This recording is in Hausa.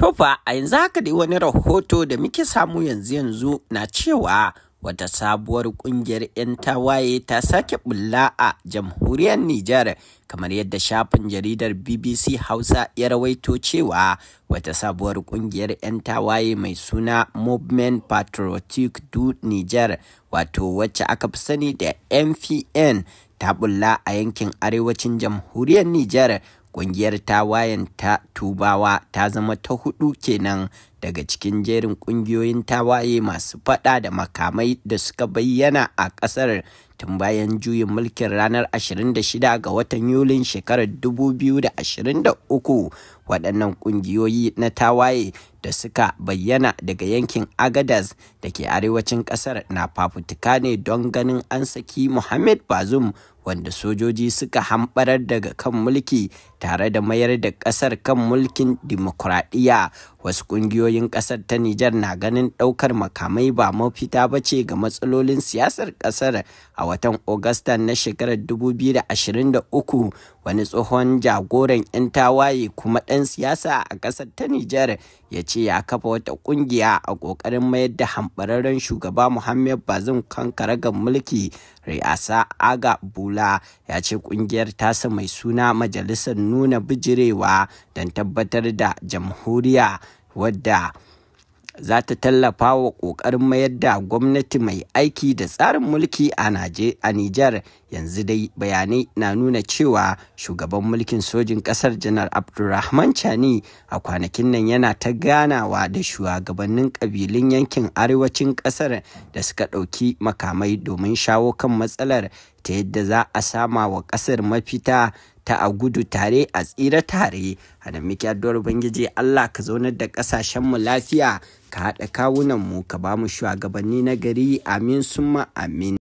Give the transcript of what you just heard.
To fa a yanzu haka dai wani rahoto da muke samu yanzu yanzu na cewa wata sabuwar kungiyar 'yan tawaye ta sake bulla a jamhuriyar Nijar kamar yadda shafin jaridar BBC Hausa ya rawaito cewa wata sabuwar kungiyar 'yan tawaye mai suna Movement Patriotic du Nijar wato wacce aka fi sani da MPN ta bulla a yankin arewacin jamhuriyar Nijar ƙungiyar ta wayan ta tubawa ta zama ta hudu kenan daga cikin jerin ƙungiyoyin tawaye masu faɗa da makamai da suka bayyana a ƙasar tun bayan juyin mulkin ranar 26 ga watan Yulin shekarar 2023 waɗannan ƙungiyoyi na tawaye da suka bayyana daga yankin Agadas da ke arewacin ƙasar na fafutuka ne don ganin an saki Mohamed Bazoum wanda sojoji suka hambarar daga kan mulki tare da mayar da ƙasar kan mulkin dimokuraɗiyya wasu ƙungiyoyin ƙasar ta Nijar na ganin ɗaukar makamai ba mafita ba ce ga matsalolin siyasar ƙasar a watan Agusta na shekarar 2023 wani tsohon jagoran 'yan tawaye kuma ɗan siyasa a ƙasar ta Nijar ya ce ya kafa wata ƙungiya a ƙoƙarin mayar da hambararren shugaba Muhammad Bazum kan karagar mulki Riasa Aga Bula ya ce ƙungiyar tasa mai suna majalisar nuna bijirewa don tabbatar da jamhuriya wadda za ta tallafa wa ƙoƙarin mayar da gwamnati mai aiki da tsarin mulki a Nijar yanzu dai bayanai na nuna cewa shugaban mulkin sojin ƙasar janar Abdulrahman Chani a kwanakin nan yana ta ganawa da shugabannin ƙabilun yankin arewacin ƙasar da suka ɗauki makamai domin shawo kan matsalar ta yadda za a sama wa ƙasar mafita ta a gudu tare a tsira tare da muke addu'ar ubangiji Allah ka zaunar da kasashen mu lafiya ka haɗa kawunan mu ka ba mu shugabanni na gari amin summa amin